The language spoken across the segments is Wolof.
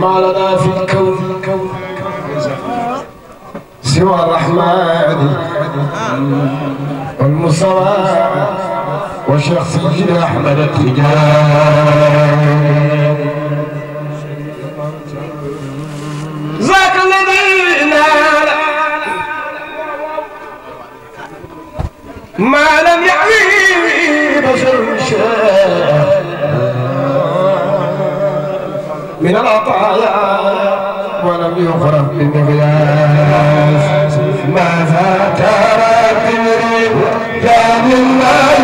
ما لنا في الكون سوى الرحمن والمصطفى وشخصية أحمد التجاري ذاك الذي نال ما لم يعني بشر شاء من العطايا ولم يخرم بمقياس ماذا ترى تمري كان الله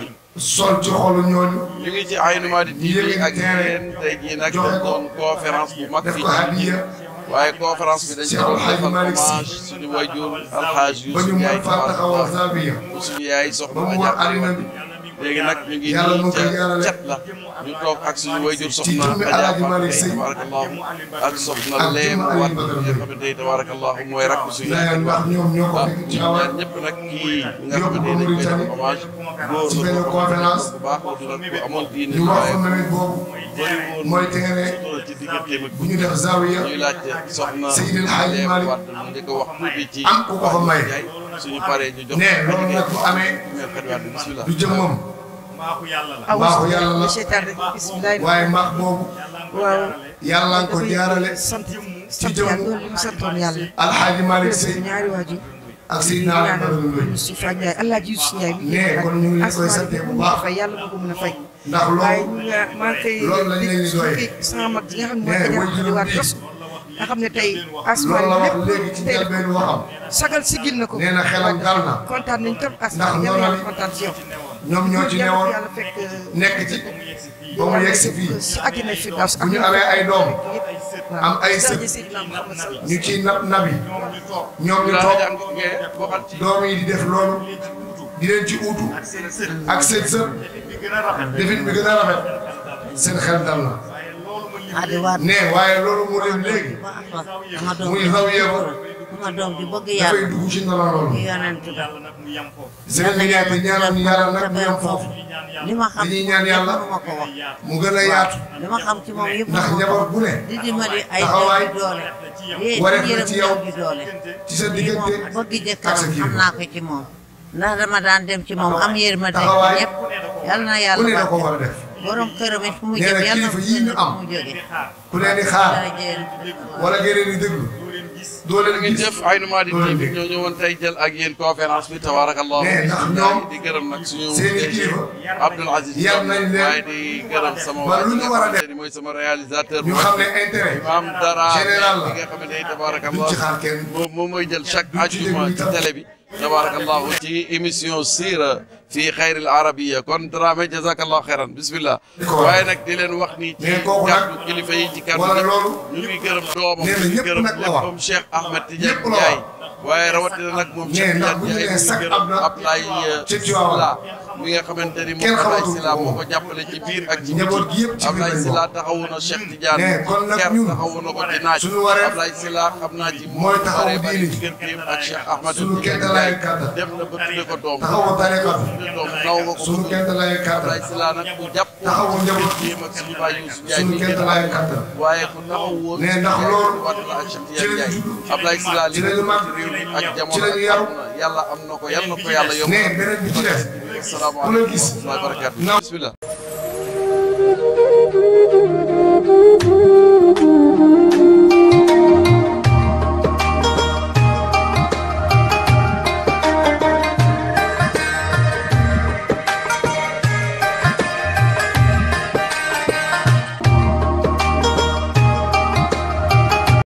gi. sol ci xolu ñooñu. ñu ngi ci ay numaa di diine ak yeneen tey nag dañ doon conférence bu mag fii ci waaye conférence bi dañ ci doon defal hommage suñu wajur alxaaj Yuusuf Njaay suñu yaay soxna léegi nag ñu ngi nii ca cet la ñu toog ak suñu wayjur soxna Adja Fatou tabarakallahu ak soxna Leem Wat nga xamante ni tabarakallahu mooy rakk suñu wax ñu ñaan ñëpp nag kii nga xamante ni dañ koy def hommage góor la ko conférence bu baax la ko amoon diine waaye mooy te nga ne ci diggante bi bu ñu def zawiya ñuy laajte soxna Leem Wat mu di ko wax tuuti ci am ku ko fa may suñu paree ñu ne loolu nag du jëmmam mbaaxu yàlla la mbaaxu yàlla la waaye mbaax boobu waaw yàlla nga ko jaarale ci jëmm alxaaji Malick Sy ñaari waajur ak si naaj ma doon si fa Ndiaye El Hadj Youssou Ndiaye. nee kon ñu ngi koy sant bu baax asmaa yàlla ma ko mën a fay. ndax loolu waaye ñu ngi maa ngi koy. loolu lañ leen di doy. sama nga ne moo koy nga xam ne tey asma lépp tey la ko sagal sigil na ko. nee na xelam dal na. kontaan nañ trop asma yàlla yàlla kontaan si yow. ñoom euh, nekk ci ba mu yegg si ñu amee ay doom am ay sët ñu ciy nab nabi ñoom ñu toog doom yi di def loolu di leen ci uutu ak seen sët defin bi gën a rafet seen xel dal na. ne waaye loolu moo dem léegi muy zawiya ba ma doom di bëgg yàlla dugg ci ndala loolu. bi ñaata ñaanal yàlla nag mu yem foofu. li ma xam mu gën a yaatu. li ma xam ci moom yëpp ndax njaboot bu ne. di dimbali ay doole doole. lii daan dem ci moom am yërmande ñëpp yal na yàlla. ko war borom këram it fu mu jëm yàlla kilifa yii ñu am ku leen di xaar wala ngeen di déglu doo leen gis jëf Aïnou Mady TV ñoo ñëwoon tey jël ak yéen conférence bi tabarakallah di gërëm nag suñu Abdoul Aziz yar nañ leen waaye di gërëm sama waa lu ñu war a def mooy sama réalisateur ñu xam ne intérêt maam dara général la nga xam ne tabarakallah moom mooy jël chaque ajuma ci télé bi تبارك الله وتي ايميسيون سيرة في خير العربية كنت رامي جزاك الله خيرا بسم الله وينك دي وقني كاب كليفة يجي كاب نوري كرم دوم كرم لكم شيخ أحمد تجاب جاي وين روات لنك مم شيخ أحمد تجاب جاي أبلاي mi nga xamante ni moom Ablaye Sylla moo ko jàppale ci biir ak ci biti Ablaye Sylla taxawu na Cheikh Tidiane Ker taxawu na ko ci naaj Ablaye Sylla xam naa ci mooy taxawu diini digganteem ak Cheikh Ahmadou Tidiane Laye dem na ba tudde ko doom doom naw nga ko Ablaye Sylla nag ku jàpp taxawu njaboot bi ak suñu baay Youssou Ndiaye mi ngeen waaye ku taxaw woon ne ndax loolu wat la ak Cheikh Tidiane Ndiaye Ablaye Sylla li ci réew mi ak jamono yàlla am na ko yàlla na ko yàlla yomb. nee beneen bi ci des. asalaamaaleykum wa rahmatulah wa barakatu bisimilah.